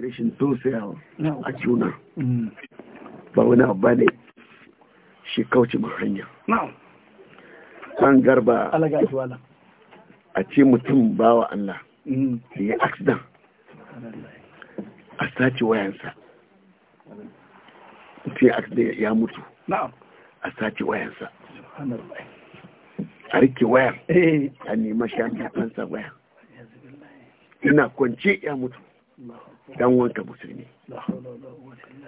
rashin social a juna mm. ba wani abu ne shi kauce mai hanya an garba a ce mutum ba wa Allah mm. da ya accident a sace wayansa sai accident ya mutu a sace wayansa a rike wayar eh. a nema shi an wayar ina kwance ya mutu dan wanka musulmi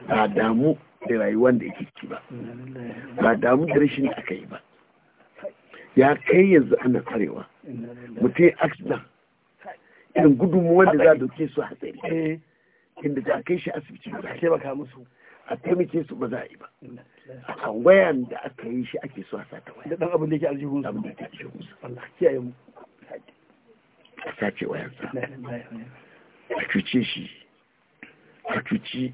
ba damu da rayuwar da yake ciki ba ba damu da rashin da aka yi ba ya kai yanzu ana arewa mutum ya accident irin gudunmu da za a doke su hatsari eh, inda za a kai shi asibiti ba ke baka musu a taimake su ba za a yi ba a wayan da aka yi shi ake so a sata waya da dan abin da yake aljihun su da Allah kiyaye mu a sace wayansa a cuce shi a cuci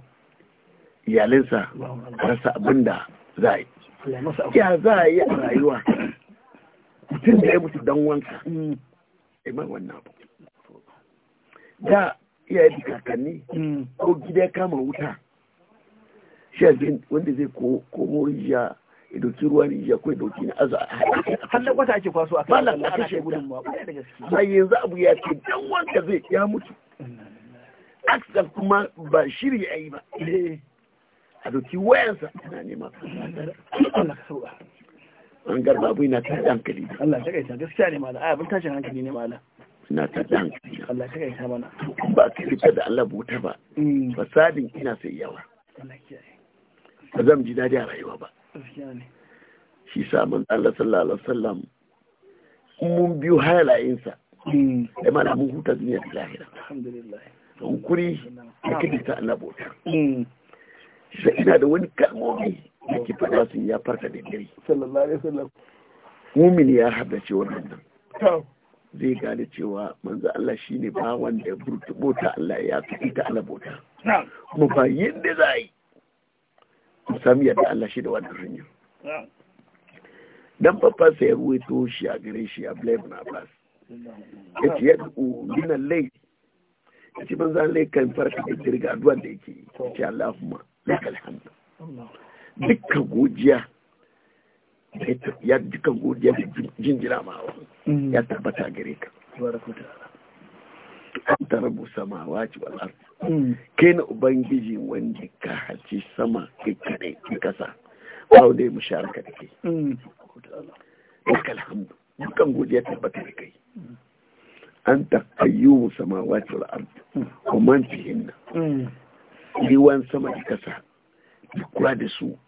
iyalinsa rasa abin da za a yi ya za a yi a rayuwa mutum da ya mutu dan wanka iman wannan abu da iyaye da kakanni ko gida ya kama wuta shi yanzu wanda zai komo rijiya ya dauki ruwan rijiya ko ya dauki na azu a haɗa hannun wata ake kwaso a kan lalata shi gudun ma yanzu abu ya ce dan wanka zai ya mutu aksa kuma ba shiri a yi ba eh, a doki wayansa ana nema an garba abu na ta dankali Allah ta kaita gaskiya ne mala abin tashin hankali ne mala na ta dankali Allah ta kaita mana ba ka fita da Allah bauta ba mm. fasadin ina sai yawa ba zan ji daɗi a rayuwa ba shi samun Allah sallallahu alaihi wasallam mun biyu halayensa da mm. mana mun huta duniya da lahira alhamdulillah hukuri da kidita ta bauta mm. sai ina da wani kalmomi da ke fada su ya farka da dare sallallahu alaihi wasallam mumin ya haddace wannan zai gane cewa manzo Allah shine ba wanda ya burtubo ta Allah ya fi ta alabota. bauta kuma ba yadda za yi mu sami yadda Allah shi da wannan hanya dan babba sai ya ruwaito shi a gare shi a Blaib na Abbas ce ya duku linan laifi kace ban zan lai kan farka da jirga addu'an da yake yi ce Allahumma lakal hamd dukkan godiya ya dukkan godiya da jinjira ma mm-hmm. ya tabbata gare ka an ta rabu sama ci wal mm. kai na ubangiji wanda ka haci sama kai kadai kai kasa ba wanda ya musharaka da kai mm. lakal hamd dukkan godiya tabbata da kai mm. anta qayyumu samawati wal ard wa man fihinna riwan sama da kasa da kula da su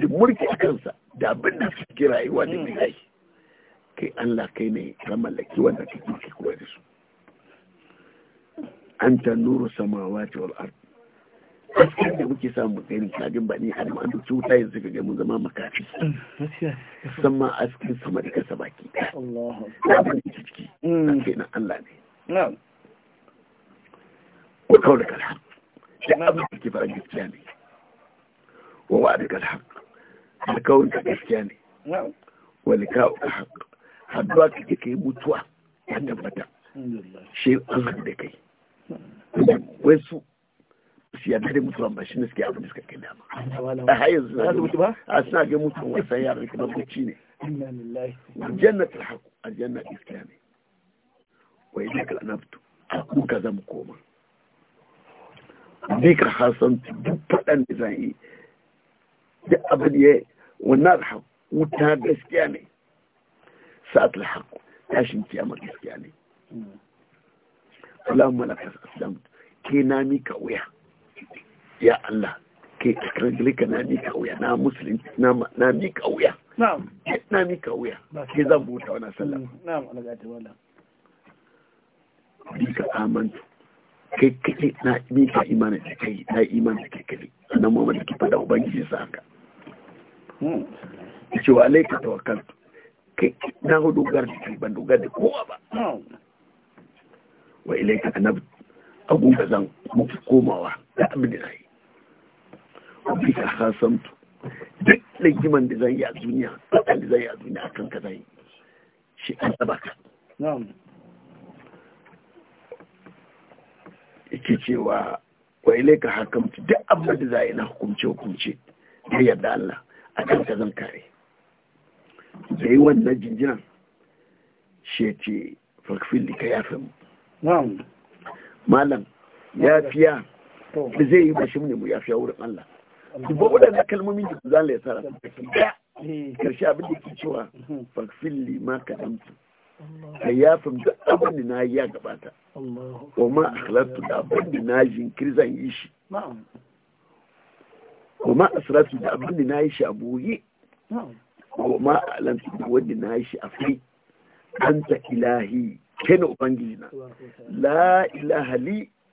da mulki a kansa da abin da suke rayuwa da bilahi kai Allah kai ne ka mallaki wanda kake kula da su anta nuru samawati wal ard gaskiyar da muke samu kai ne ba ne a da an cuta wuta yanzu ga gaimu zama makafi mm, ma a cikin sama da kasa baki ɗaya da ban da ciki na kenan Allah ne wa kawo da kalha da abin da ke mm. fara gaskiya ne wa wa da da kawo da gaskiya ne wa kawo da haq haɗuwa ka ke kai mutuwa a tabbata shi an haɗu da kai mm. wai su su yarda da shi ne suke abin da suka kai dama a hayar suna ga mutu a suna ga mutuwan wasan yaran kamar bacci ne jannat alhaqu aljanna ne wa idan kal anabtu ku ka koma dai ka hasan duk faɗan da zan yi duk abin ya wannan alhaqu wuta gaskiya ne sa'at alhaqu tashin kiyama gaskiya ne mm. Allahumma lakal aslamtu ke na mika wuya ya Allah ke kirgili ka na mika wuya na musulun na mika wuya na mika wuya ke zan buta wani sallah mm, bi ka amanta kai kai na mika imani da kai na imani da kai na sannan mu da ki fada ubangiji sa haka mm. ce wa ta tawakkaltu kai na dogara da kai ban dogara da kowa ba wa ilaika anab agun zan mafi komawa da abin da nayi bisa hasamtu duk rigiman da zai yi a duniya ɗan da zai yi a duniya kan ka zai shi an taba ka yake cewa wa ilaika hakamtu duk abin da zai yi na hukumce hukumce ya yadda Allah kan ka zan kare da yi wannan jinjinan shi ya ce da ka yafe mu malam ya fiya da zai yi bashin ne mu fiya wurin Allah dubo waɗannan kalmomin da za la yasara eh. karshe abin da ke cewa mhm. fakfilli lima ka damtu ka ya duk abin da na yi ya gabata wa a akhlatu da abin da na yi zan yi shi wa a asratu da abin da na yi shi a boye wa a alamtu da wanda na yi shi a fi anta ilahi kai na ubangiji na la ilaha li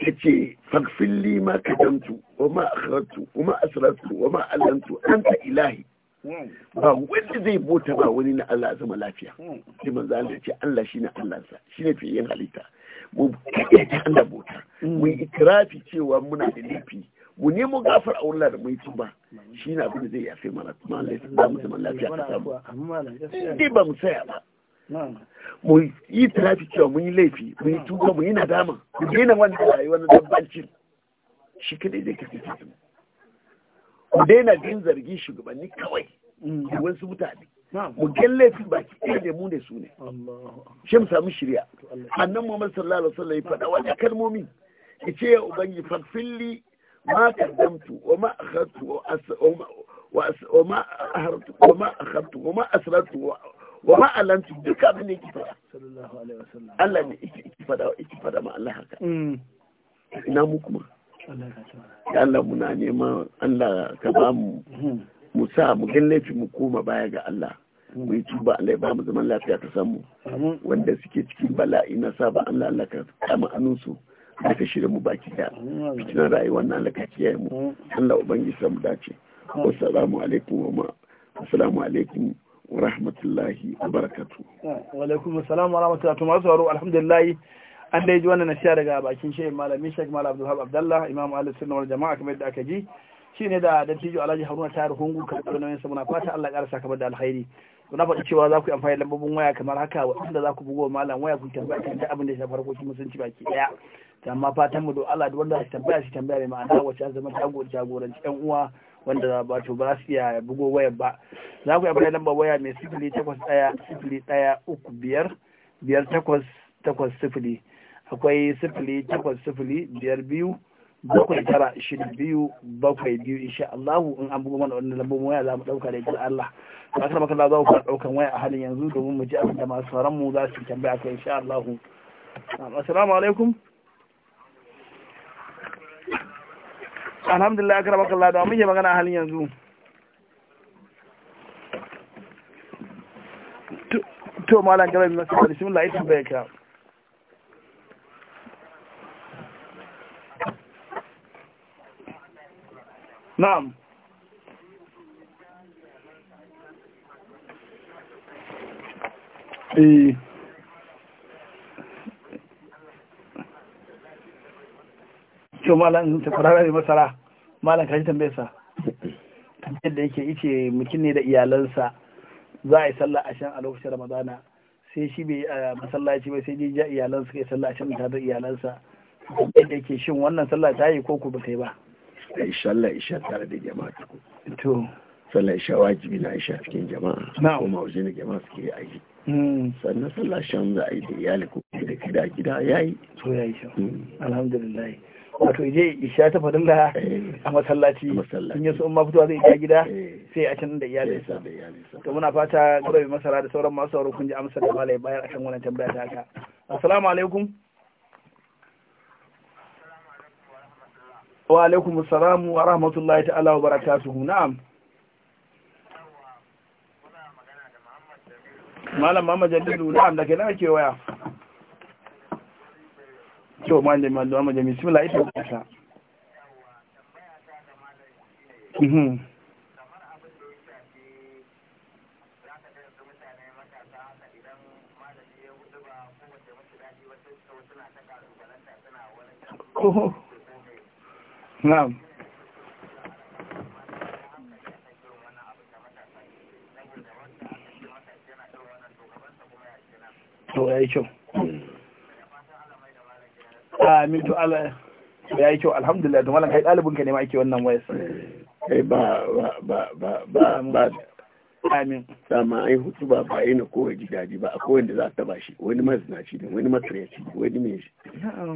ya ce fagfilli ma kadamtu wa ma akhartu wa ma asrartu wa ma allantu ta ilahi ba wanda zai bota ba wani na Allah zama lafiya sai manzo Allah ya ce Allah shine Allah sa shine fiye halitta mu ta Allah bota mu ikrafi cewa muna da laifi mu nemo gafar a wurin da mu mai tuba shi na abin da zai yafe mana kuma Allah ya samu zaman lafiya ka samu in dai ba mu saya ba mu yi tarafi cewa mun yi laifi mun yi tuba mun yi nadama mu daina wannan rayuwa na dabbancin shi kadai zai kafi cikin mu daina jin zargi shugabanni kawai mm. da wasu mutane mu gan laifi baki ɗaya da mu ne su ne shi mu samu shirya annan muhammad sallallahu alaihi wasallam ya faɗa wani kalmomi ya ce ya ubangi farfilli ma kaddamtu wa ma akhadtu wa ma ahartu wa ma akhadtu wa ma asrartu wa ma alantu duk abin da yake fada Allah ne yake fada ki fada ma Allah haka mm. ina mu kuma ya Allah muna nema Allah ka ba mu mm. mu sa mu gan laifi mu koma baya ga Allah mm. mu yi tuba Allah ya ba mu zaman lafiya ta samu wanda suke cikin bala'i na saba Allah Allah ka kama hannunsu da ka shirya mu baki daya cikin rayuwar na Allah ka kiyaye mu Allah ubangiji sa mu dace assalamu alaikum wa ma assalamu alaikum wa rahmatullahi wa barakatu. Wa alaikum assalam wa rahmatullahi wa barakatu. Alhamdulillah an dai ji wannan nasiha daga bakin shehin malami Sheikh Malam Abdul Abdullah Imam Ahlus Sunna wal Jama'a kamar yadda aka ji shine da dattijo Alhaji Haruna tayar Hungu kan tsaronin sa muna fata Allah ya karasa kamar da alkhairi. na faɗi cewa za ku yi amfani da lambobin waya kamar haka waɗanda za ku bugo malam waya ku tambaya kan abin da ya shafi harkokin musulunci baki ɗaya amma fatan mu do Allah duk wanda ya tambaya shi tambaya mai ma'ana wacce zama jagoranci yan uwa wanda za ba to ba su iya bugo wayar ba za ku yi da lambar waya mai sifili takwas ɗaya sifili ɗaya uku biyar biyar takwas takwas sifili akwai sifili takwas sifili biyar biyu bakwai tara shida biyu bakwai biyu insha Allah in an bugu mana wannan lambar waya za mu dauka da ita Allah to aka maka za ku fara daukan waya a halin yanzu domin mu ji abin da masu sauran mu za su tambaya kai insha Allah assalamu alaikum alhamdulillah kar baka Allah da muke magana halin yanzu to malam garin mai masu bismillah ita bai ka na'am eh cewa malam in ta fara ne masara malam kaji tambayar sa tambayar da yake yace mutum ne da iyalansa za a yi sallah a shan a lokacin ramadana sai shi bai a masallaci ba sai ji ja iyalansa kai sallah a shan ta da iyalansa tambayar da yake shin wannan sallah ta yi ko ku ba kai yi ba Allah insha Allah da jama'a to sallah isha wajibi na isha cikin jama'a ko mawuzi na jama'a suke yi aiki hmm. sannan sallah shan za a yi da iyali ko da gida gida yayi to yayi shan hmm. alhamdulillah wato je isha ta da eh. a masallaci Sun yi in ma fitowa zai iya gida eh. sai a can da iyalinsa to muna fata gurabe masara da sauran masu sauran kun ji amsar da malai bayar akan wannan tambaya ta haka assalamu alaikum wa alaikum assalam wa rahmatullahi ta'ala wa barakatuhu na'am malam Muhammad Jalilu na'am da ke nan waya kyau malama malama da bismillah ita ta mhm Na'am. To ya yi kyau. Mm. amin to Allah ya yi kyau alhamdulillah malam kai ɗalibinka ne ma ake wannan ba ba ba ba ba amin Sama ai hutu ba ba yana kowa gidaje ba akwai wanda za ta bashi wani shi ne wani makaryaci wani mai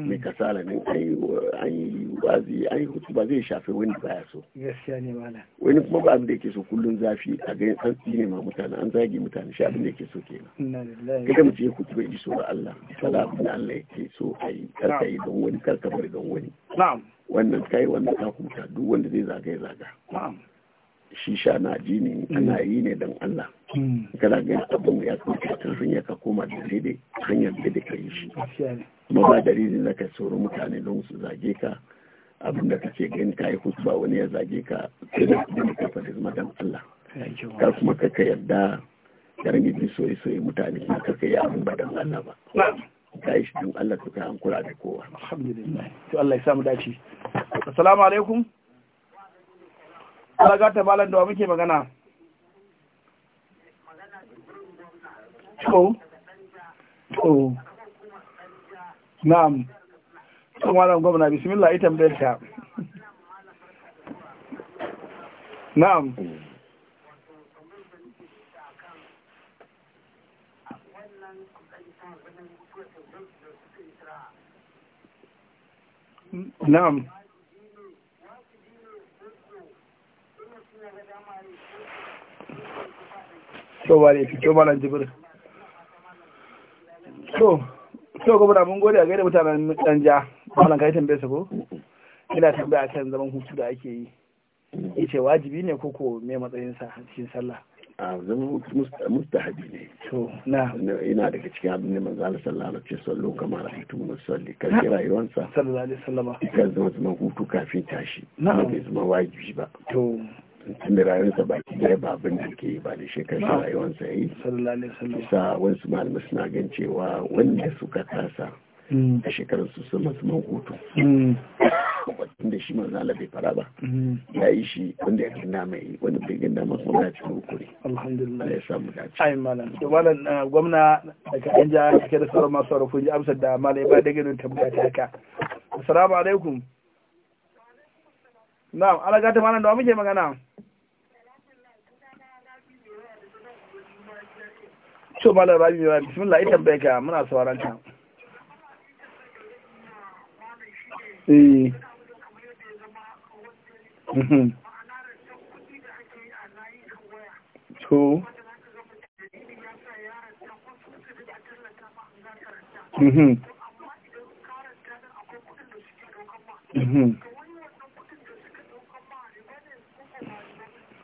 mai kasala ne an yi wazi an yi hutu ba zai shafe wani ya so gaskiya ne mala wani kuma ba abin da yake so kullun zafi a ga santsi ne ma mutane an zage mutane shi abin da yake so nan kada mu ce hutu bai ji so ba Allah kada abin da Allah yake so ai kar ka yi don wani kar ka bari don wani na'am wannan kai wannan ka kuma duk wanda zai zaga ya zaga na'am shisha na jini mm. ana yi ne don Allah mm. kana ga abin ya kuma tun hanya ka koma da zai da hanyar da ka yi shi kuma ba dalilin da ka tsoro mutane don su zage ka abin da kake gani ka yi ba wani ya zage ka sai da ka faɗi zama don Allah ka kuma kaka yarda garin gidi soye-soye mutane kuma kaka yi abin ba don Allah ba ka yi shi don Allah ka hankula da kowa alhamdulillah to Allah ya samu dace assalamu alaikum alaga ta malam da wa muke magana to to na'am to malam gwamna bismillah ita mai ta na'am na'am So ba ne fito mana jibir so so gwamna mun gode a gaida mutanen danja malam kai tambaye su ko ina tambaya kan zaman hutu da ake yi yace wajibi ne ko ko me matsayin sa cikin sallah a zaman hutu mustahabi ne to na ina daga cikin abin da manzo Allah sallallahu alaihi wasallam sallu kamar rahatu salli kan rayuwarsa sallallahu alaihi wasallam kan zama zaman hutu kafin tashi na bai zama wajibi ba to tunda rayuwarsa baki daya ba abin da ke ba da shekaru da rayuwarsa ya yi isa wasu malamu suna gan cewa wanda suka kasa hmm. a shekarar su sun masu man hutu hmm. shi manzo Allah bai fara ba hmm. ya yi shi wanda ya gina mai wanda bai ganda masu mana cikin hukuri alhamdulillah ya samu dace ai malam da malam gwamna daga an ja kake da sauran masu rufin ji amsar da malam ya ba da ginin tabbata ta assalamu alaikum na'am alaga ta malam da muke magana Cho mala rabi mi rabi, bismillah ita beka, muna sauraron ta eh Mhm. Mm-hmm. mm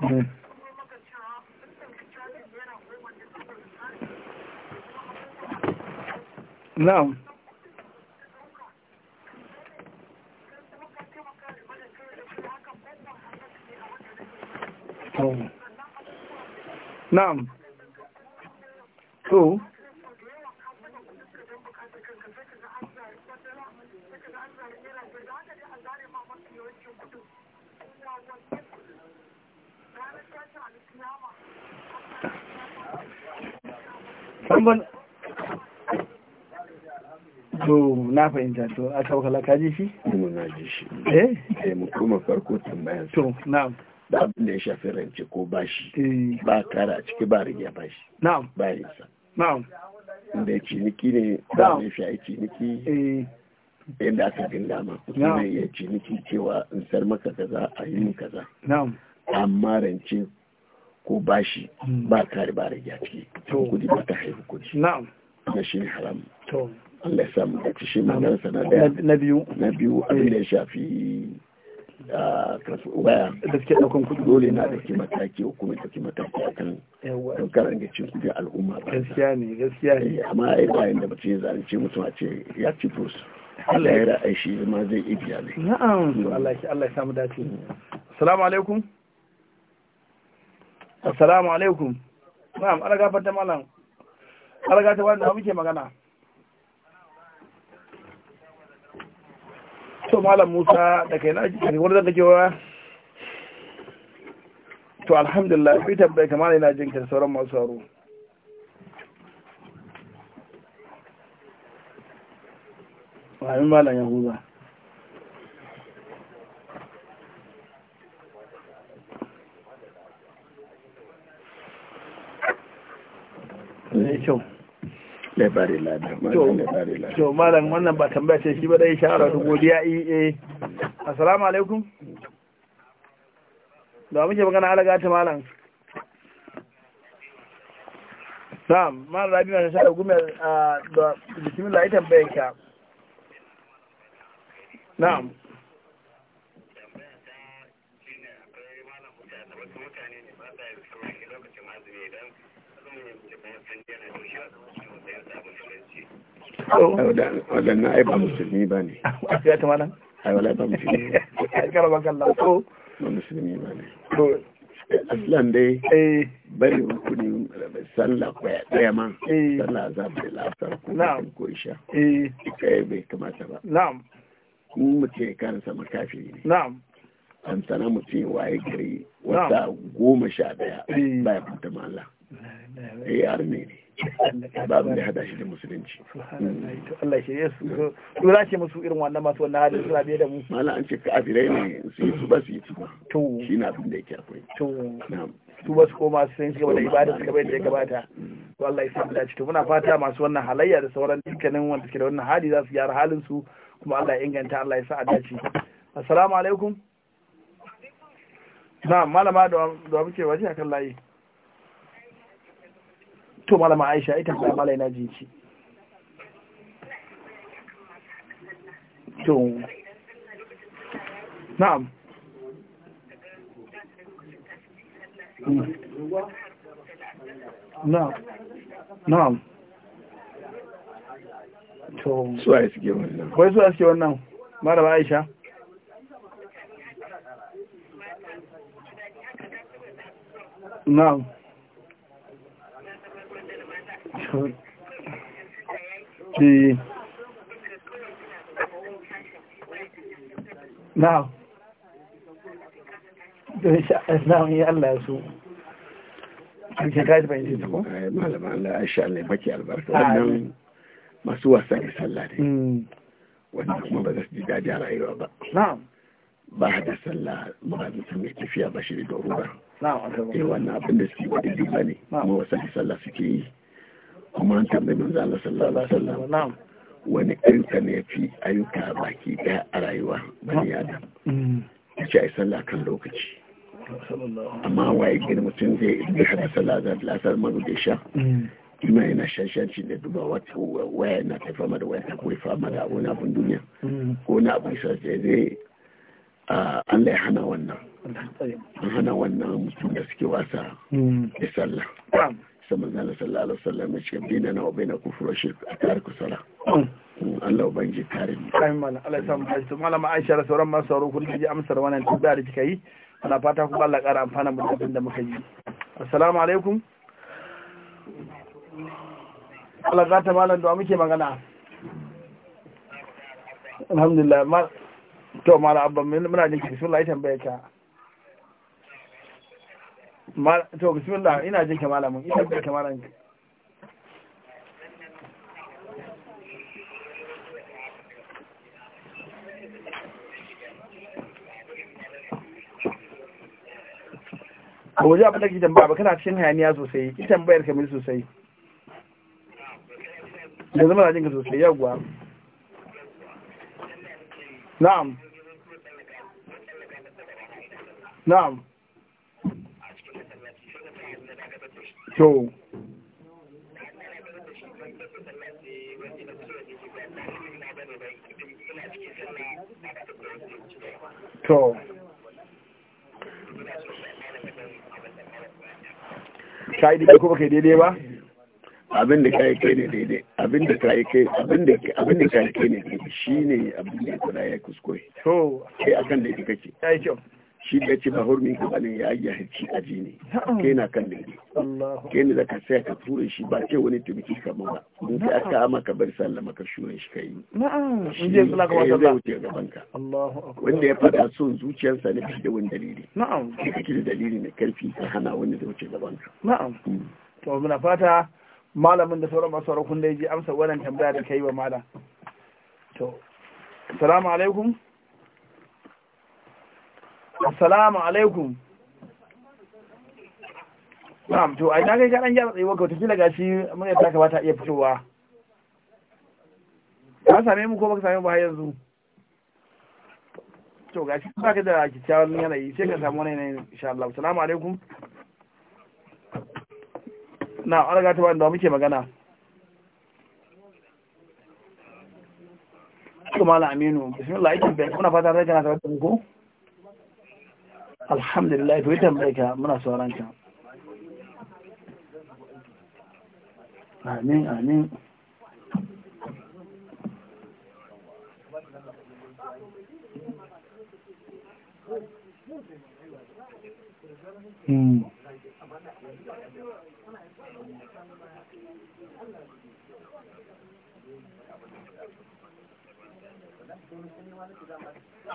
na'am hmm. na'am so to na fahimta to a kawakala ka ji shi? kuma na ji shi eh? eh mu kuma farko tambayar to na'am da abin da ya shafi rance ko bashi eh. ba kara a ciki ba rigya bashi na'am bayan sa na'am inda ya ciniki ne Ba da ne a yi ciniki eh. yadda aka gindama kuma ya ciniki cewa in sar maka kaza a yi kaza Na. amma rance ko bashi ba tare ba rage a ciki kudi ba ta haihu kudi na'am na shi ne haram to Allah ya samu da shi magana sana daya. na biyu na biyu eh. abin da ya shafi a ah, kasu waya da suke daukan kudi dole na da ke mataki ko kuma take mataki akan don karan da cin kudi al'umma ba gaskiya ne gaskiya ne eh, amma a yi bayan da mutum ya zalunce mutum a ce ya ci furus Allah ya ra'ayi shi ma zai ibiya ne na'am hmm. Allah ya samu dace assalamu alaikum assalamu alaikum na'am an gafar ta malam an gafar ta wanda muke magana to malam musa da kai na jikin wanda da wa to alhamdulillah fi tabbai kamar yana jinkin sauran masu ba amin malam yahuza kyau eh, labari wannan ba tambaya ce shi ba dai shahara da godiya eh, eh assalamu alaikum da muke magana ta malam Sam, rabi na gumiyar ah, da bismillah Na'am. waɗannan ai ba musulmi ba ne musulmi ba musulmi ba ne ma sallah za mu lafar ko ko isha eh. kai bai kamata ba na'am mu makafi ne na'am an sana mutum waye gari wata goma sha daya eh. baya fita ma Allah ya arme ne babu da hada shi da musulunci Allah shi ya su dora ce musu irin wannan masu wannan halin suna biye da mu mala an ce kafirai ne su yi su ba su yi su ba to shi na abin da yake akwai to su ba su koma su san shi da ibada su gaba da ya gabata to Allah ya samu dace to muna fata masu wannan halayya da sauran dukkanin wanda suke da wannan hali za su gyara halin su kuma Allah ya inganta Allah ya sa a dace assalamu alaikum na malama da muke waje akan layi to malama aisha ita ta malai na ce to na'am na'am na'am to suwaye suke wannan wai suwaye suke wannan malama aisha na'am no. na'am don sha'asna'un ya Allah ya so eh, ya baki albarka wannan masu wasa da sallah ne hmm. wanda kuma ba za su ji daji a rayuwa ba ba da sallah ba da sun yi tafiya ba shi da doruba eh wannan abin da suke wadda ne kuma wasa da sallah suke yi kuma an tambayi manzo Allah sallallahu alaihi wasallam wani ayyuka ne fi ayyuka baki daya a rayuwa bani adam mm. ce ai sallah kan lokaci amma waye gina mutum zai yi hada sallah da lasar manu da sha mm. ima yana shashanci da duba wata waya na ta fama da waya ta kawai fama da wani abin duniya mm. ko na abin sa zai Allah ya hana wannan hana wannan mutum da suke wasa da sallah sai manzo Allah sallallahu alaihi wasallam ya ce bina na baina kufra shirk kar ku sala mm. mm, Allah ubangi kare mu amin mana Allah ya samu hajji malama Aisha da sauran masu sauraro kun ji amsar wannan tambaya da kika yi ana fata ku Allah ƙara amfana mu da da muka yi assalamu alaikum Allah za ta malam da muke magana alhamdulillah ma to mala abba muna jinki bismillah ya tambaye ka to bismillah ina jin ka malamin ina jin ka malamin a waje abin da ke tambaya ba kana cikin hayaniya sosai ki tambayar kamar sosai yanzu mana jin ka sosai yawwa na'am na'am to to ka yi daidai ko baka yi daidai ba abin da kai kai ne daidai abin da kai kai abin da abin da kai kai ne shine abin da ya ya kuskure to kai akan da kake kai kyau shi da ce ba hurmin kabalin ya yi harci aji ne kai na kan da kai ne da ka sai ka tura shi ba ce wani tumiki kama ba in ka aka ama ka bar Sallah maka shure shi ka yi shi ne zai wuce gaban ka wanda ya faɗa son zuciyarsa ne da wani dalili shi ka kira dalili mai karfi ka hana wanda zai wuce gaban ka hmm. to muna fata malamin da sauran masu kun da ya ji amsa wannan tambaya da kai wa malam to assalamu alaikum assalamu alaikum na'am to ai na kai kaɗan gyara tsayuwa tafi daga shi mun yadda ka bata iya fitowa ka same mu ko baka same ba yanzu to gashi ba ka da kyakkyawan yanayi sai ka samu wani yanayi insha Allah assalamu alaikum na an ta ba muke magana kuma Aminu bismillah aikin bai kuna fata zai kana tare da mu ko الحمد لله في ودم ليك من أسوارانك آمين آمين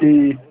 إيه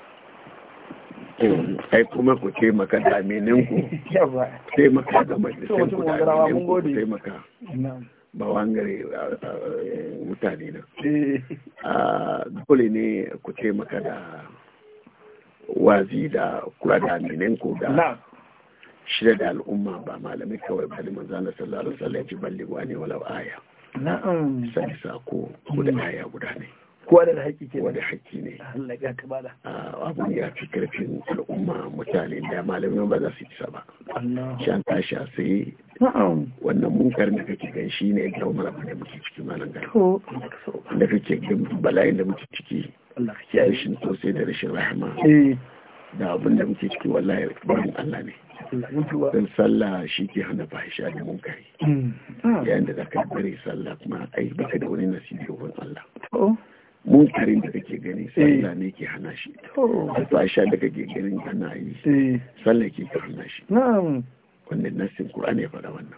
Eh, ai kuma ku taimaka da meninku taimaka da majalisar ku da ku ku taimaka ba wangare mutane na eh. dole ne ku taimaka da wazi da kula da ku da shida da al'umma ba malamai kawai ba da manzana sallallahu alaihi wasallam ya ci ballewa ne walau aya na'am sai sako da aya guda ne kowa da haƙƙi ke wani haƙƙi ne Allah ya ta ah, bada ya fi karfin al'umma mutane da malamin ba za su isa ba shan tashi a sai wannan munkar da kake gan shi ne da umar da muke ciki malam gar da kake gan bala'in da muke ciki ya yi shin sosai da rashin rahama eh. da abin da muke ciki wallahi bayan ne dan sallah shi ke hana fahisha da munkari mm. yayin da za ka bare sallah kuma ai baka da wani nasibi wurin Allah munkarin da kake gani eh. sallah ne ke hana shi alfasha da kake ganin kana yi eh. sallah ke ka hana shi wannan nassin Qur'an ya faɗa wannan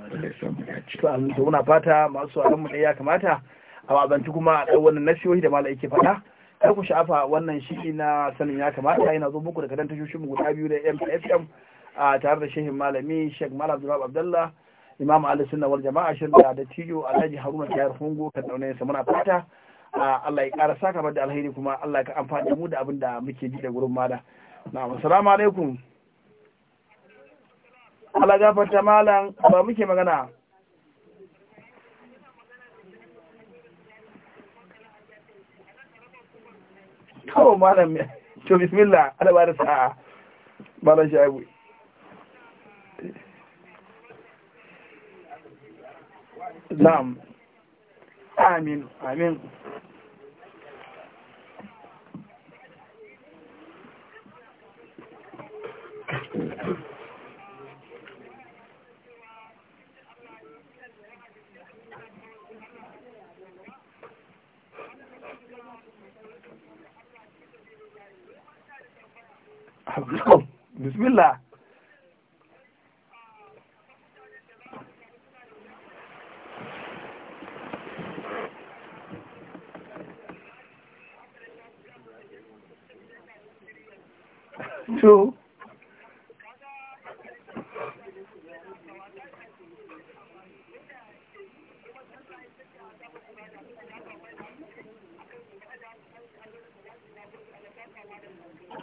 wanda ya samu ya ce to muna fata masu sauran mu ya kamata a wabanci kuma a wannan nasihohi da malai yake faɗa kar ku sha'afa wannan shi na sanin ya kamata yana zo muku da kadan tashoshin mu guda biyu da MFM a tare da shehin malami Sheikh Malam Abdulrahman Abdullah Imam Ali Sunna wal Jama'a shirin da Tiyo Alhaji Haruna Tayar Hungo kan daune sa muna fata Ah, Allah ya ƙara saka da alheri kuma Allah ka amfani mu da abin da muke ji da gurin mala na'am assalamu alaikum Allah gafarta malam ba muke magana kawo malam to bismillah ba da sa'a malam shaibu na'am amin amin bismillah fito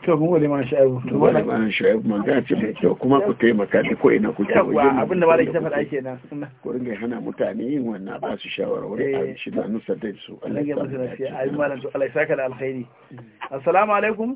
to mun gode mana sha'ibu to wala ma sha'ibu ga ce to kuma ku taimaka ta ko ina ku ta waje yawa abin da da ta faɗa kenan ku ringa hana mutane yin wannan ba su shawarwari a eh. shi da nusa da su Allah ya musu nasiya ayi malam to Allah ya saka da alkhairi mm. assalamu alaikum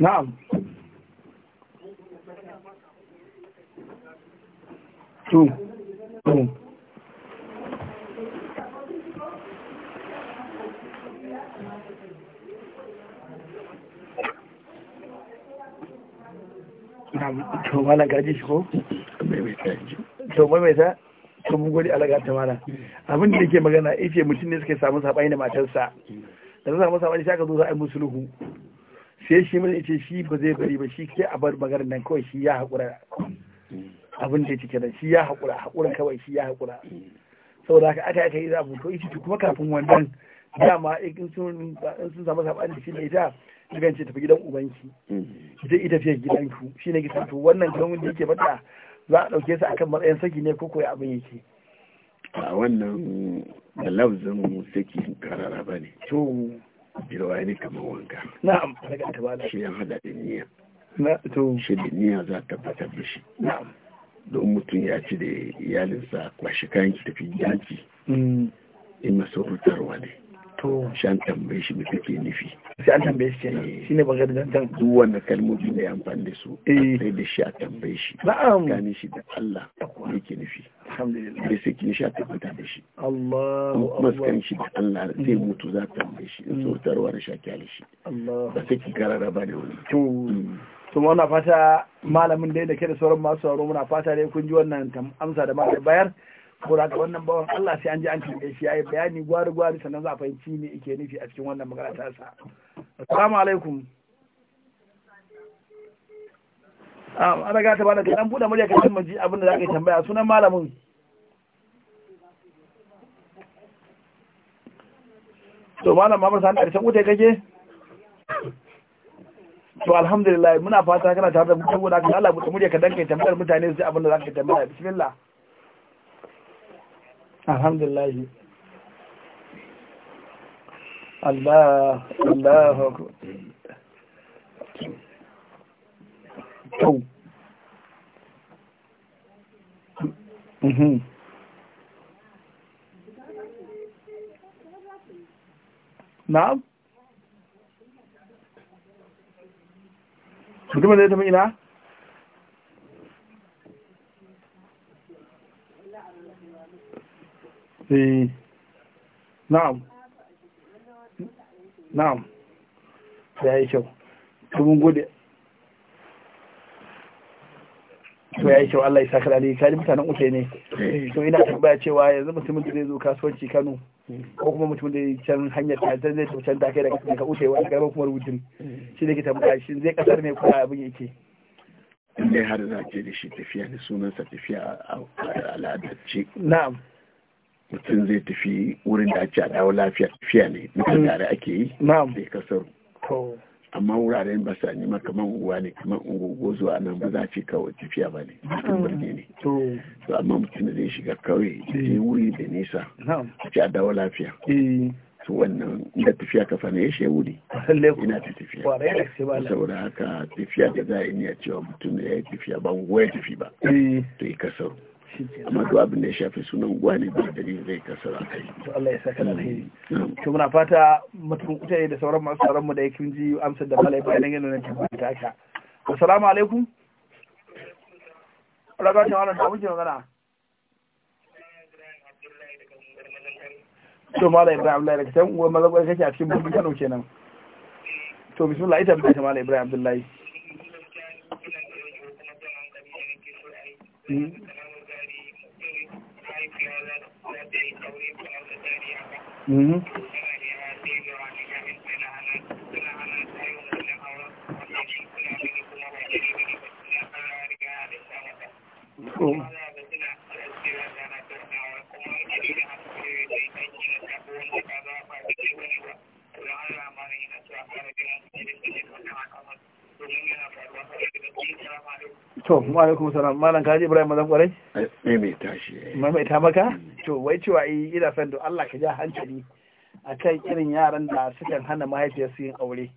na'am to to gaji shi ko? to maimaita to mun gode alaga ta mana abin da yake magana yace mutum ne suka samu sabani da matarsa da samu sabani sai aka zo za a yi musulhu sai shi mun ce shi ba zai bari ba shi ke a bar magana nan kawai shi ya haƙura abin da ya cike nan shi ya haƙura haƙura kawai shi ya haƙura saboda haka aka aka yi za to ita kuma kafin wannan dama in sun in sun samu sabani da shi ne ita dukan ce tafi gidan ubanki ita ita fiye ku shi ne gisa to wannan kalmomin da yake faɗa za a ɗauke su akan matsayin saki ne ko koyi abin yake a wannan da lafzin saki karara ba ne bilwari kamar wanka na'am daga ta bala shi ya hada da niyya na to shi niyya za ta fatar da shi na'am don mutum ya ci da iyalinsa kwashi kayan ki tafi yanki mm. in masu hutarwa to shan tambaye shi nufi sai an tambaye shi ne eh. shine ba kalmomi da ya amfani da su eh. sai da shi a tambaye shi na'am gane shi da Allah nufi alhamdulillah sai da shi Allahu akbar maskan shi da Allah sai mm. mutu za ta tambaye shi in so tarwa da shi Allah sai ki garara ba da wani to mm. to muna fata malamin da ke da sauran masu sauraro muna fata dai kun ji wannan amsa da malamin bayar ko da wannan bawan Allah sai an ji an tambaye shi yayi bayani gwari gwari sannan za a fahimci me yake nufi a cikin wannan magana ta sa assalamu alaikum ah, an ga ta bana dan buɗe murya ka cin maji abin da za ka tambaya sunan malamin to malam mamar sani karshen wuta kake to alhamdulillah muna fata kana tare da mu saboda haka Allah buɗe murya ka danka tambayar mutane su abin da za ka tambaya bismillah alhamdulillah Allah Allah to mhm na'am mutum da tafi ina eh na'am na'am ya yi kyau tumin gode to ya yi kyau Allah ya saka dalili kaji mutanen uke ne eh. to ina tambaya cewa yanzu mutumin da zai zo kasuwanci Kano ko kuma mutum da can hanyar ta zai to can ta kai daga daga uke wani garba kuma rubutun shi da ke tambaya shi zai kasar ne kuma abin yake in dai har za ke da shi tafiya sunan sa tafiya a al'adar ce na'am mutum zai tafi wurin da ake dawo lafiya tafiya ne mutum tare mm. ake yi bai kasar amma wuraren ba sa nima kamar uwa ne kamar ungogo zuwa nan ba za ce kawai tafiya ba ne cikin mm. birni ne to amma mutum da zai shiga kawai da mm. wuri da nisa a ce a dawo lafiya su eh. wannan da tafiya kafa ne ya wuri ina ta tafiya saboda haka tafiya da za a yi cewa mutum da ya yi tafiya ba ya tafi ba eh. to yi kasaru amma duk abin da ya shafi sunan unguwa ne ba dalilin zai kasar a kai to Allah ya saka alheri to muna fata mutum kutaye da sauran masu sauran mu da yake ji amsar da malai bayan yana nan tabbata ta aka. assalamu alaikum ragata wannan da muke magana to malai ibrahim abdullahi daga can uwa kai kake a cikin birnin kano kenan to bismillah ita bai ta malai ibrahim abdullahi hmm. Oh. to mu salam malam kaji ibrahim mazan kwarai me mai tashi mai mai ta maka to wai cewa yi eh, ina son to Allah ka ja hankali a akan irin yaran da sukan hana mahaifiyarsu yin aure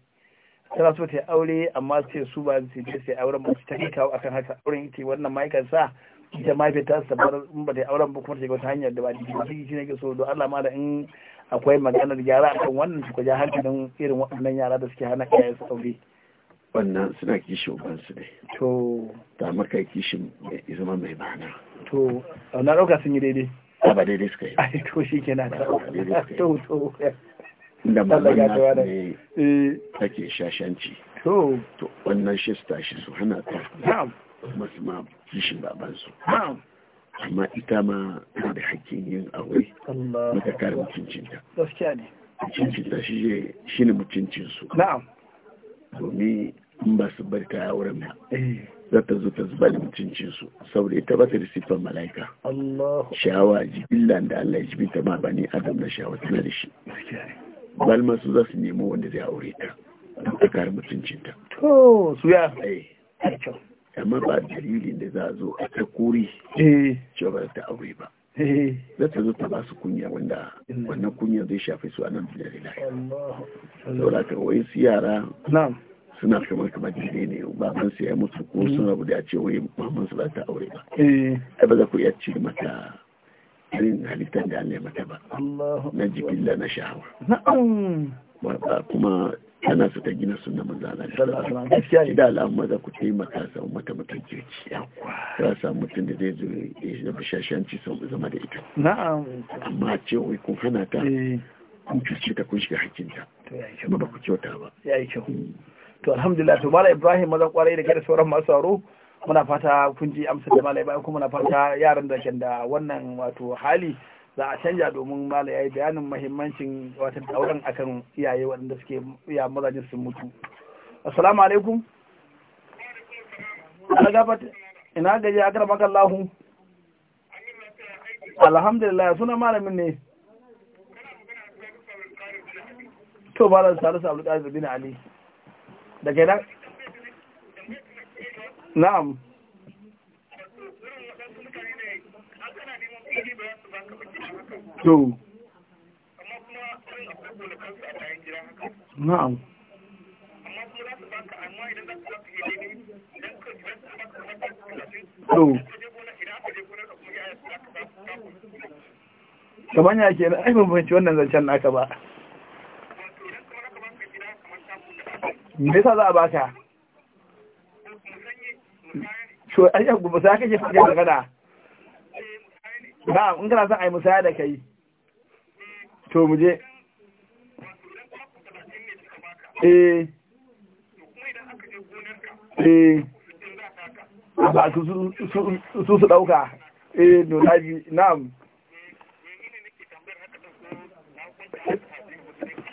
tana so ta yi aure amma sai su ba su je sai auren ba su ta kawo akan haka auren ita wannan ma'aikan sa ita mahaifiyar ta sa bar in ba ta yi auren ba kuma ta wata hanyar da ba ta yi shi ne ke so don Allah ma da in akwai maganar gyara akan wannan su ka ja hankalin irin waɗannan yara da suke hana iyayensu aure wannan suna kishin ubansu ne to ta maka kishin mai zama mai ma'ana to a na ɗauka sun yi daidai a ba daidai suka yi a to shi kenan na ta to to da mamman na ne take shashanci to to wannan shi su tashi su hana ta masu ma kishin babansu amma ita ma ta da hakkin yin aure maka kare mutuncinta gaskiya ne mutuncinta shi ne mutuncinsu na'am domin in ba su bari ta za ta zo ta zuba da mutuncin su saboda ita ba ta da sifan mala'ika shawa jibilla da Allah ya jibinta ma ba ni adam na shawa tana da shi balma su za su nemo wanda zai aure ta don ta kare ta to su ya eh. amma ba dalilin da za a zo a ta kuri eh. cewa ba ta aure ba Eh. za ta zo ta ba su kunya wanda mm. wannan kunya zai shafi su a nan duniya da lafiya saboda ka wai su yara suna kamar kamar jire ne baban su ya mutu ko mm. sun rabu da ce wai maman su ba ta aure ba eh. ai ba za ku iya ce mata irin halittar da Allah ya mata ba na jibilla na sha'awa kuma tana su ta gina suna manzo Allah sallallahu alaihi gaskiya da al'amma maza ku taimaka samu mata mutum kirki ta samu mutum da zai zo ya zama shashanci sau zama da ita na'am amma ce wai kun hana ta eh. kun cuce ta kun shiga hakinta kuma ba ku kyauta ba ya yi kyau mm. to alhamdulillah to mala ibrahim maza kwarai da kai sauran masu tsaro muna fata kun ji amsa da mala ibrahim kuma muna fata yaran da ke da wannan wato hali za a canja domin mala ya yi bayanin mahimmancin wata dauran akan iyaye waɗanda suke iya mazajin sun mutu assalamu alaikum ina gaji a karɓar kallahu alhamdulillah suna malamin ne to ba da salisu abu da bin ali daga idan na'am to na'am to kamar ya ke ai ban wannan zancen naka ba me yasa za a baka to ai ba za ka fi fara magana ba in kana son a yi musaya da kai to mu je eh eh ba su su su dauka eh no na na'am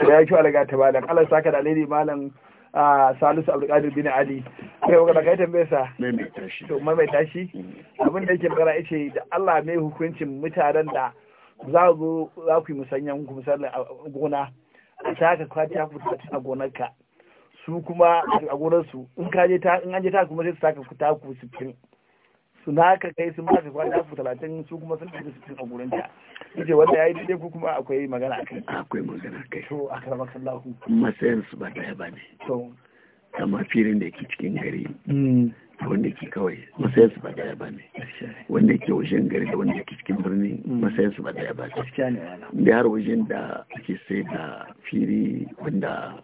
ya yi kyau alaga ta malam Allah saka da alheri malam ah, Salisu Abdulkadir bin Ali sai ga daga ita mai sa to mai mai tashi mm-hmm. abin da yake magana yace da Allah mai hukuncin mutanen da za ku za ku yi musanyan ku a gona a taka kwata ku a gonarka su kuma a gonar su in ka je ta in an je ta kuma sai su taka ku taku 60 su na ka kai sun baka kwata ku 30 su kuma sun tafi 60 a gurin ta yace wanda yayi dai ku kuma akwai magana akai akwai magana kai to akramakallahu masayan su ba daya bane to amma filin da ke cikin gari hmm. wanda ke kawai masayan su ba daya ba ne wanda ke wajen gari da wanda ke cikin birni hmm. masayan su ba daya ba ne da har wajen da ake sai da fili wanda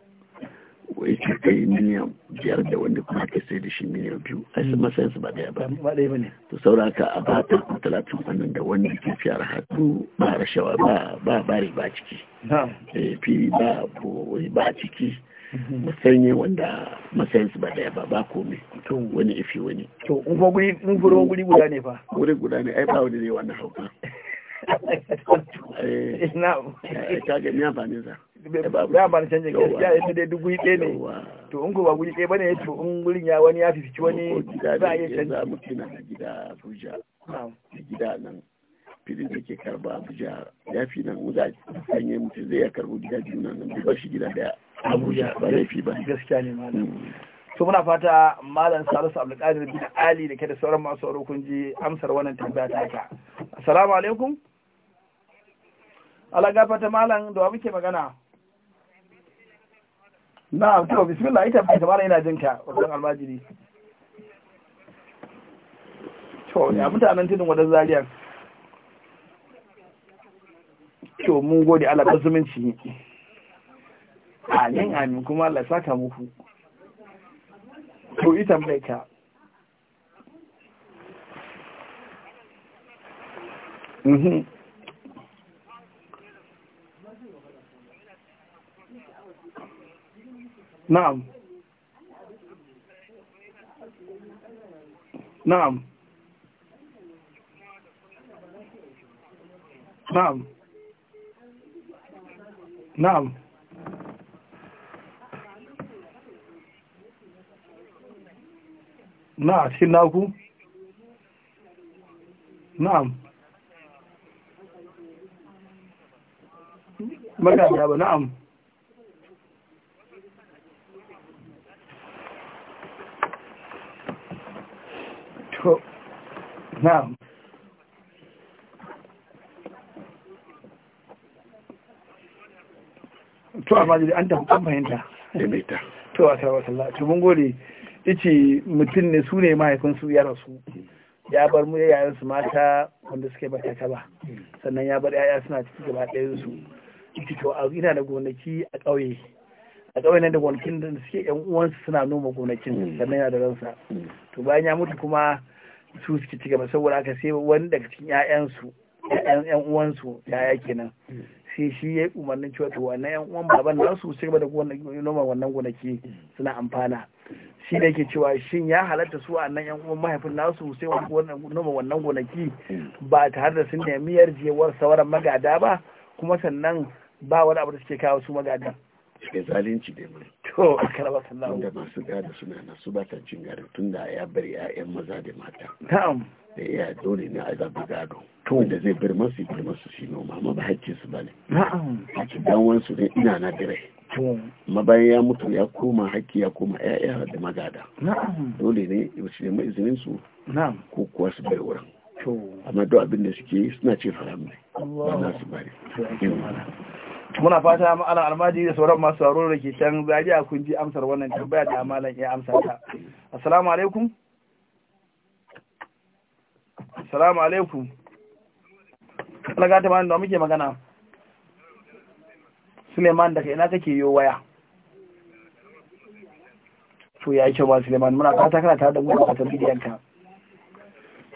wai ce kai miliyan biyar da wanda kuma ake sai da shi miliyan biyu a yi hmm. masayan su ba daya ba ne to sauraka a ba ta talatin wannan da wanda ke fiyar hadu ba rashawa ba ba ba ciki eh, fili ba ba ciki Mhm. yi wanda masayin su ba daya ba ba komai wani ifi wani to in fa guri in guri guri guda ne fa guri guda ne ai ba wani ne wannan hauka eh na eh, ka ga ni amfani sa da amfani canjin gaskiya yadda dai dubu guri ɗaya ne to in ba guri ɗaya bane to in gurin ya wani ya fifici wani za a iya canje za mu a gida Abuja gida nan filin da ke karba Abuja ya fi nan mu za a yi mutum zai ya karbo gida biyu nan ba shi gida daya abuja ba laifi ba gaskiya ne malam hmm. to muna fata malam salisu abdulkadir bin ali da ke da sauran masu sauro kun ji amsar wannan tambaya ta haka assalamu alaikum ala gafata malam da wa muke magana na to bismillah ita ba kamar ina jin ka wannan almajiri to ya mutanen tudun wadan zariya to mun gode Allah zumunci amin amin kuma Allah saka muku to ita mai ka mhm na'am na'am na'am na'am na a cikin naku na'am magana ba na'am to na'am to amma an tafi kan fahimta to a sarwa sallah to mun gode ice mutum ne su ne mahaifinsu ya rasu ya bar mu yayansu mata wanda suke bata ta ba sannan ya bar yaya suna ciki gaba ɗayan su to a ina da gonaki a ƙauye a ƙauye nan da gonakin da suke yan uwansu suna noma gonakin sannan yana da ransa to bayan ya mutu kuma su suke ci gaba saboda aka sai wani daga cikin ƴaƴansu ƴan uwansu yaya kenan sai shi ya umarnin cewa to wannan ƴan uwan baban nasu su ci gaba da noma wannan gonaki suna amfana shi da ke cewa shin ya halatta su a nan yan uwan mahaifin nasu sai noma wannan gonaki ba tare da sun nemi yarjewar sauran magada ba kuma sannan ba wani abu da suke kawo su magada suke zalunci da mai to karaba sallahu wanda masu gada suna na su ba ta cin garin tun da ya bari 'ya'yan maza da mata na'am da iya dole ne a zaɓi gado to wanda zai bar masu bar masu shi noma amma ba hakkin su bane na'am hakkin dan wansu ne ina na dire mabayan ya mutu ya koma haƙƙi ya koma ya'ya da magada dole ne ne nemi izinin su ko kuwa su bai wurin amma duk abin da suke yi suna ce haram ne ba su bari muna fata ma'ana almaji da sauran masu sauro da ke can a kun ji amsar wannan tambaya da amalan ya amsa ta assalamu alaikum assalamu alaikum Allah ta ta da muke magana Suleiman daga ina kake yo waya to ya yi kyau ba Suleiman muna kawo kana ta da mu a kan ka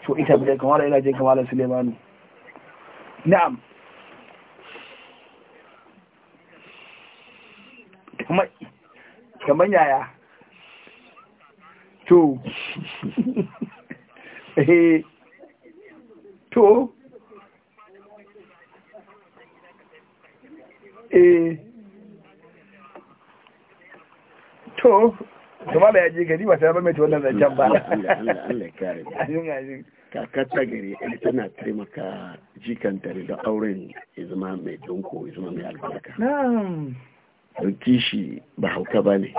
to ita bidiyon kamar ina je kamar Suleiman na'am kamar yaya to eh, to eh to kuma da yaje gari ba sai ba mai wannan zancen ba Allah ya kare kakar ta gari ita tana taimaka jikanta da auren ya zama mai donko ya zama mai albarka ɗauki shi ba hauka ba ne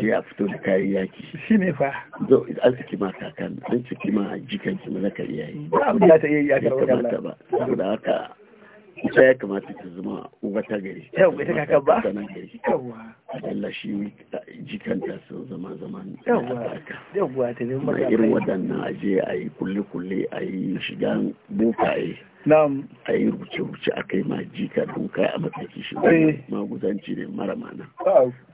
je a fito da kayan yaki shi ne fa zo an ciki ma kakan an ciki ma jikan ki mazaka iyaye ba abu da ta iya iyakar wajen ba saboda haka ita ya kamata ta zama uba ta gari yau ita kaka ba yauwa Allah shi jikanta sun zama zaman yauwa yauwa ta ne irin waɗannan aje a yi kulle-kulle a yi shigan bukaye na'am a yi rubuce-rubuce a kai ma jika da kai a mataki shi eh. maguzanci ne mara mana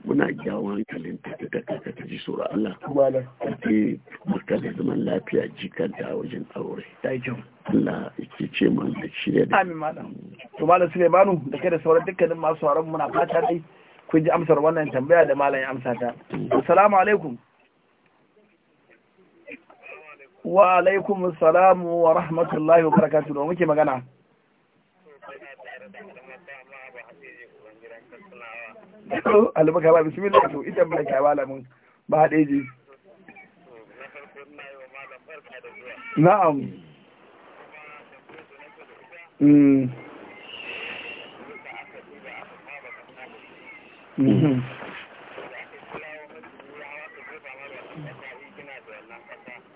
muna gyawon hankalin ta ta kaka ta ji tsoron Allah ta ke makala zaman lafiya jikan ta wajen aure Allah ke ce man da shirya da amin malam to malam Sulemanu da kai da sauran dukkanin masu sauran muna fata dai kun ji amsar wannan tambaya da malam ya amsa ta mm. assalamu alaikum wa alaikum salamu wa rahmatullahi wa barakatuhu da muke magana albaka ba bismillah to ita mai kai malamin ba hadeji na'am mm mm-hmm.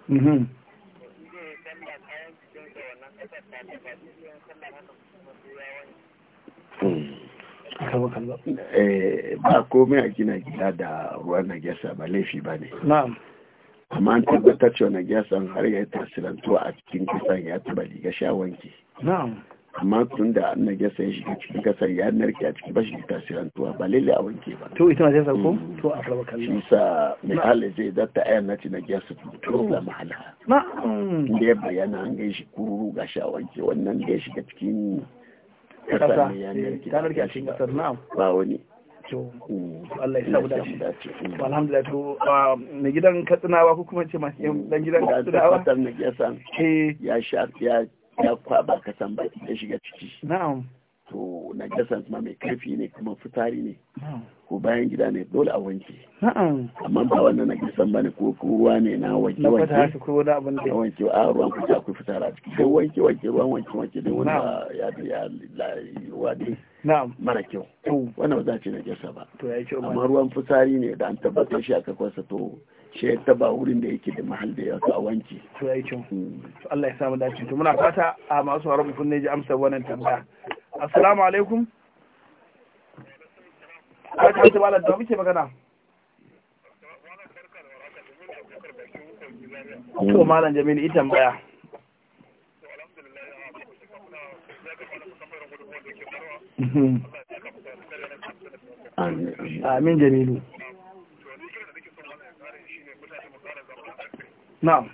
Mm-hmm. Eh, ba komai a gina gida da ruwan najasa ba laifi ba ne amma an tabbatar cewa najasan har ya tasirantuwa a cikin kusan ya taba liga sha wanki amma tun da an nage sai shi cikin kasar ya narke a cikin bashi tuwa ba lele a wanke ba to ita ma sai sako mm. to a karba kallon shi sa mai hali zai datta ayan na ci nage su to da mahala na da ya bayyana an gaishi kururu ga shi a wanke wannan da ya shiga cikin kasar ya narke eh, ta narke a cikin kasar na. ba wani to mm. Allah ya sa dace mm. alhamdulillah to gidan katsinawa ko kuma ce masu yan gidan katsinawa eh. ya sha ya ya kwaba kasan baki ya shiga ciki na'am to najasan kuma mai karfi ne kuma fitari ne ko bayan gida ne dole a wanke amma ba wannan najasan ba ne ko ruwa ne na wanke wanke na wanke a ruwan kuta akwai fitara ciki sai wanke wanke ruwan wanke wanke dai wani ya ya ruwa dai mara kyau wannan ba za a ce najasa ba amma ruwan fitari ne da an tabbatar shi aka kwasa to shi ta ba wurin da yake da mahal da ya a wanki to Allah ya samu dace to muna fata a masu haramun kun ne ji amsa wannan tambaya assalamu alaikum aka ta bala da muke magana to malam Jamilu ita tambaya Amin Jamilu. na'am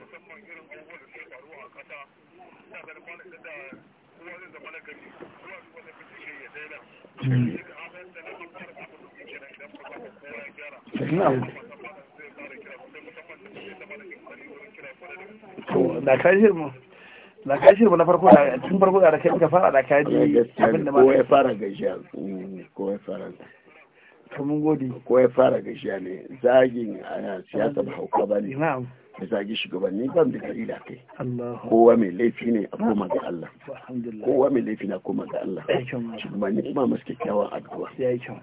da ka mu da ka mu na farko da tun farko da kai ka fara da ka ji eh, abin da ma ko ya fara gajiya mm, ko ya fara to mun gode ko ya fara gajiya ne zagin a siyasar hauka bane na'am ya zagi shugabanni ban da dalila kai kowa mai laifi ne a koma ga Allah kowa mai laifi na koma ga Allah shugabanni ba masu kyakkyawan addu'a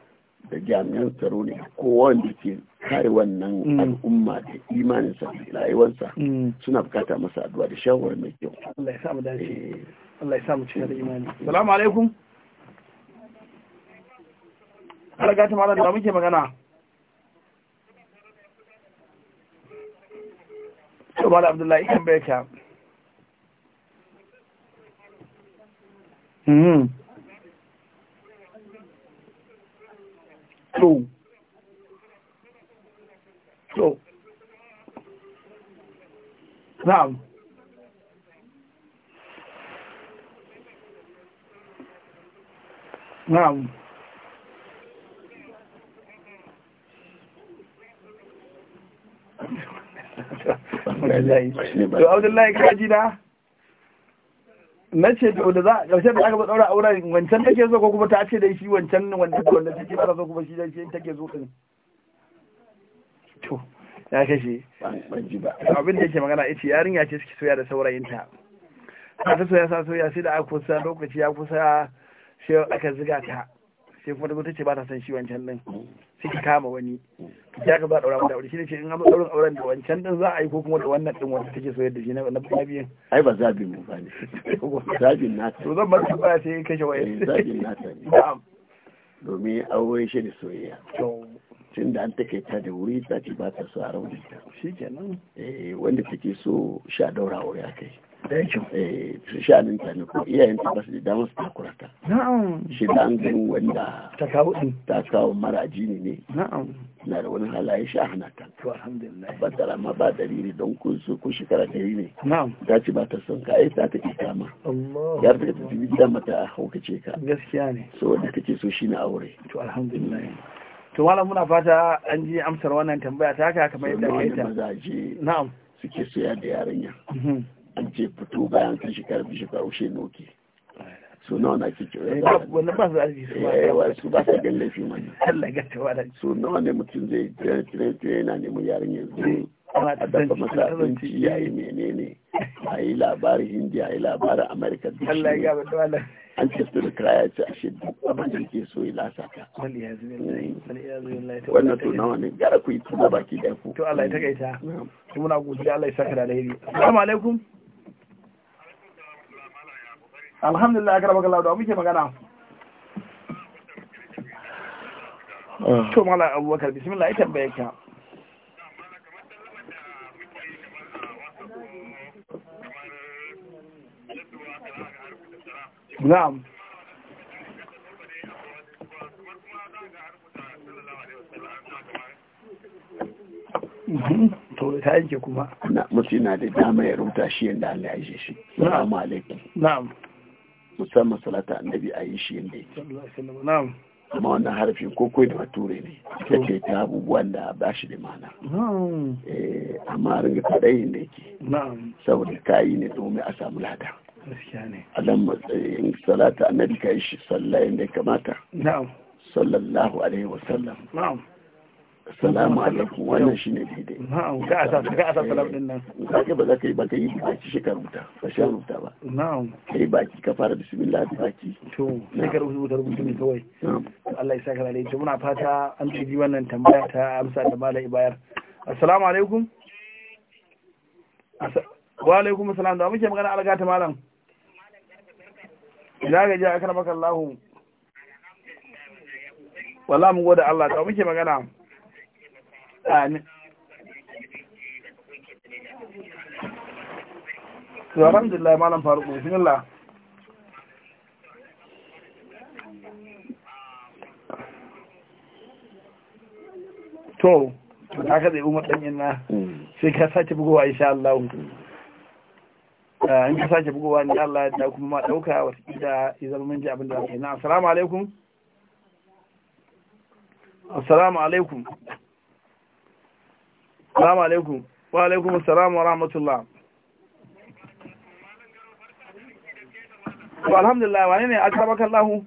da jami'an tsaro ne kowa wanda ke kare wannan mm. al'umma da imaninsa da rayuwarsa mm. suna bukata masa addu'a da shawar mai kyau Allah ya mu dace eh. Allah ya samu cikin imani assalamu eh. alaikum Allah ga ta malam da muke magana to ba abdullahi in bai ka to to na'am na'am Thank you. to abdullahi kaji na na ce da za a ƙarshe da aka ba ɗaura auren wancan take so ko kuma ta ce da shi wancan wanda wanda take ba zo kuma shi da shi take so din to ya kashe abin da yake magana ita yarinya ce suke soya da saurayinta ta ta soya sa soya sai da aka kusa lokaci ya kusa sai aka ziga ta sai kuma ta ce ba ta san shi wancan din sai ki kama wani ya ka ba daura mata aure shine ce in an daurin auren da wancan din za a yi ko kuma da wannan din wanda take so yadda shi na na biyan ai ba zabi mu ba ne zabi na to zan bar ba sai kashe waye eh, zabi na ta ne domin aure shi da soyayya tun da an take ta da wuri ta ce ba ta so a rauni ta shi kenan eh wanda take so sha daura aure akai su eh, sha'anin ta ko iyayen ta ba su da damar su ta an wanda ta kawo ne na da wani halaye sha hana ta to alhamdulillah ba tara ma ba dalili don kun ko shekara yi ne ta ce ba ta son ka ai ta ta ke kama yar da ta tibi da mata haukace ka gaskiya ne so wanda kake so shine aure to alhamdulillah to malam muna fata an ji amsar wannan tambaya ta haka kamar yadda kai ta na'am suke soya da yarinya mhm. an ce fito bayan kan shekaru biyu shekara ushe noke so nawa na ke cewa eh, wani ba su arziki su ba yawa eh, su ba su gan laifin mani Allah ga tawa da so nawa ne mutum zai tire tire tire yana neman yaren yanzu a dafa masa abinci ya yi menene a yi labarin india a yi labarin amerika Allah ya ga tawa an ce su da kira ya ce a shidda abin da ke so yi lasa ka wannan to nawa ne gara ku yi tuba baki da ku to Allah ya takaita hmm. muna godiya Allah ya saka da alheri assalamu alaikum alhamdulillah aka raba kallon da muke magana ah. to mala abubakar bismillah ya tambaye ka na'am mhm. to ta yake kuma na mutuna na da dama ya rubuta shi inda Allah ya shi shi assalamu alaikum na'am musamman salata annabi a yi shi yadda yake kuma wannan harafin ko da bature ne ita ce ta abubuwan da ba shi da mana eh, amma ringa kaɗai da yake saboda yi ne domin a samu lada alam matsayin salata annabi ka yi shi sallah yadda ya kamata sallallahu alaihi wasallam salamu alaikum wannan shi ne daidai ga a sa salam din nan eh, kaga ba za ka yi ba ka yi baki shi ka rubuta ba shi rubuta ba na'am kai baki ka fara bismillah da baki to sai ka rubuta rubutu ne kawai Allah ya saka lalai muna fata an ji wannan tambaya ta amsa da malai bayar assalamu alaikum wa alaikum assalam da muke magana alga ta malam ina ga ji akana maka Allah wala mu goda Allah da muke magana amin to alhamdulillah malam faruk bismillah to ka ka umar ɗanyen na sai ka sake bugowa insha Allah eh, in ka sake bugowa ni Allah da kuma ma ɗauka watakila ya zama mun ji abin da za na assalamu alaikum assalamu alaikum Salamu alaikum. Wa alaikum salam wa rahmatullah. Wa alhamdulillah Wa ne akarabaka Allahu?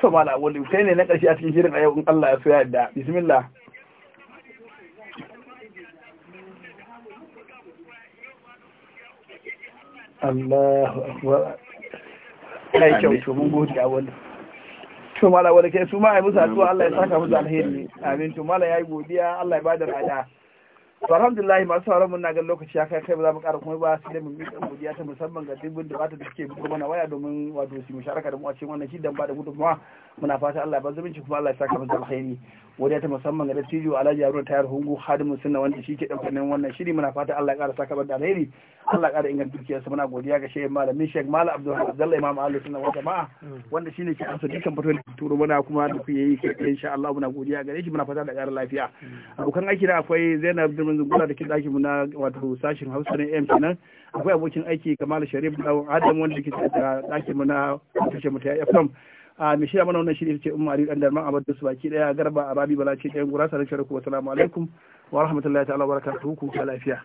To mala wali kai ne na ƙarshe a cikin shirin a yau in Allah ya soya ya yadda. Bismillah. Allahu akbar. Kai kyau to mun gode a wannan. to mala ke su ma musa tuwa Allah ya saka musu alheri amin to mala yayi godiya Allah ya bada rada to alhamdulillah masu sauraron mun na ga lokaci ya kai kai ba za mu kara kuma ba sai da mun kan godiya ta musamman ga dubin da bata da suke buga mana waya domin wato su musharaka da mu a cikin wannan shidan ba da gudu kuma muna fata Allah ba zumunci kuma Allah ya saka masa alkhairi godiya ta musamman ga dattijo Alhaji Haruna Tayar Hungu Hadimu sunna wanda shi ke daukar wannan shiri muna fata Allah ya kara saka masa alkhairi Allah ya kara inganta dukiyar sa muna godiya ga shehin malamin Sheikh Malam Abdul Abdullah Imam Ahlus Sunna wa Jama'a wanda shine ke amsa dukkan da turo mana kuma da ku yayi kai insha Allah muna godiya gare shi muna fata da kara lafiya abokan aiki da akwai Zainab yanzu gura da ke ɗakin mu na wato sashin Hausa na AM kenan akwai abokin aiki Kamal Sharif Dawo Adam wanda ke ɗakin mu na tashar mu ta FM a mai shirya mana wannan shirye ce Umar Ali Dan Abad da su baki daya Garba Ababi Bala ce ɗayan gurasa da shirku salamu alaikum wa rahmatullahi ta'ala wa barakatuhu ku lafiya